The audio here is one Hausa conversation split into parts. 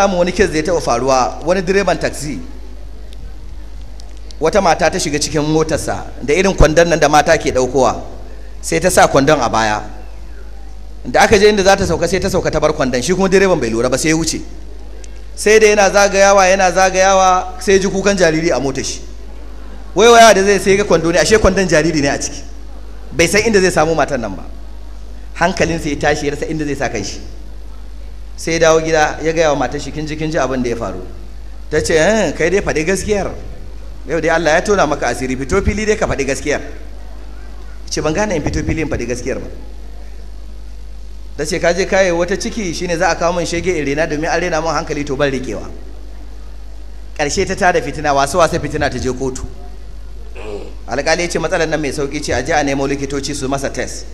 samu wani kes da ya taɓa faruwa wani direban taxi wata mata ta shiga cikin motarsa da irin kwandon nan da mata ke ɗaukowa sai ta sa kwandon a baya da aka je inda za ta sauka sai ta sauka ta bar kwandon shi kuma direban bai lura ba sai ya wuce sai da yana zagayawa yana zagayawa sai ji kukan jariri a motar shi waya da zai sai ga kwando ne ashe kwandon jariri ne a ciki bai san inda zai samu matan nan ba hankalinsa ya tashi ya rasa inda zai sa kan shi sai dawo gida ya gaya wa matar shi kinji kinji abin da ya faru ta ce eh, kai dai faɗi gaskiyar yau dai Allah ya tona maka asiri fito fili dai ka faɗi gaskiyar ce ban gane in fito fili in faɗi gaskiyar ba ta ce kaje kaye wata ciki shine za a kawo min shege in rena domin an rena min hankali to ban rikewa ƙarshe ta tada fitina wasu wasu fitina ta je kotu alƙali ya ce matsalar nan mai sauƙi ce a je a nemo likitoci su masa test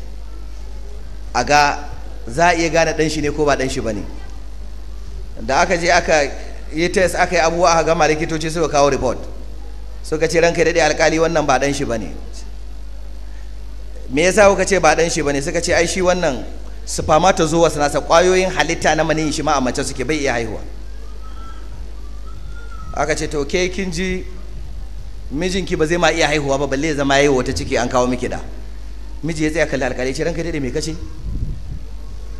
a ga za a iya gane ɗanshi ne ko ba ɗanshi ba ne da aka je aka yi test aka yi abubuwa aka gama likitoci suka kawo report suka ce ranka daɗe alkali wannan ba ɗanshi ba ne me yasa kuka ce ba ɗanshi ba ne suka ce ai shi wannan spermatozoa suna sa ƙwayoyin halitta na maniyin shi ma a mace suke bai iya haihuwa aka ce to ke kin ji mijinki ba zai ma iya haihuwa ba balle zama yayi wata ciki an kawo miki da miji ya tsaya kalli alkali ce ranka daɗe me kace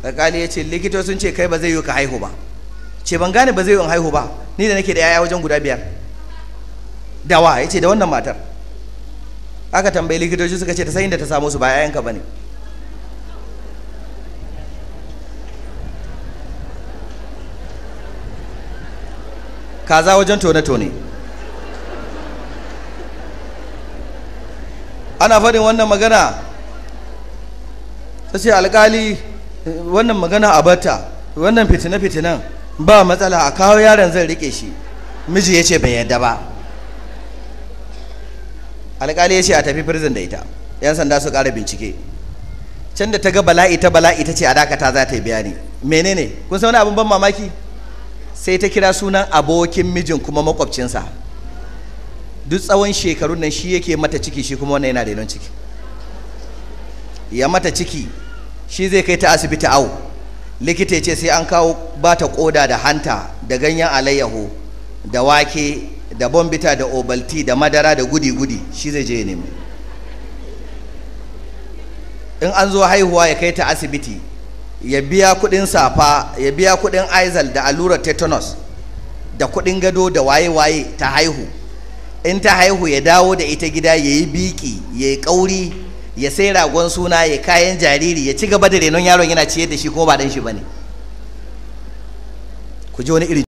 alƙali ya ce likito sun ce kai ba zai yi ka haihu ba ce ban gane ba zai yi in haihu ba ni da nake da yaya wajen guda biyar dawa ya ce da wannan matar aka tambayi likitoci suka ce ta sayin da ta samu su ba yayanka ba ne kaza wajen tone-tone ana faɗin wannan magana ta ce alƙali wannan magana a bata wannan fitina-fitinan ba matsala a kawo yaron zan rike shi miji ya ce bai yadda ba alƙali ya ce a tafi prison da ita 'yan sanda su ƙara bincike can da ta ga bala'i ta bala'i ta ce a dakata za ta yi bayani menene kun san wani abin ban mamaki sai ta kira sunan abokin mijin kuma makwabcinsa duk tsawon shekarun nan shi yake mata ciki shi kuma wannan yana renon ciki ya mata ciki shi zai kai ta asibiti au likita ce sai an kawo bata koda da hanta da ganyen alayyaho da wake da bombita da obalti da madara da gudi-gudi shi zai je ne in an zo haihuwa ya kai ta asibiti ya biya kudin safa ya biya kudin aizal da allurar tetanus da kudin gado da waye-waye ta haihu in ta haihu ya dawo da ita gida ya yi biki ya yi kauri ya sai ragon suna ya kayan jariri ya ci gaba da renon yaron yana ciyar da shi ko ba dan shi bane ku ji wani iri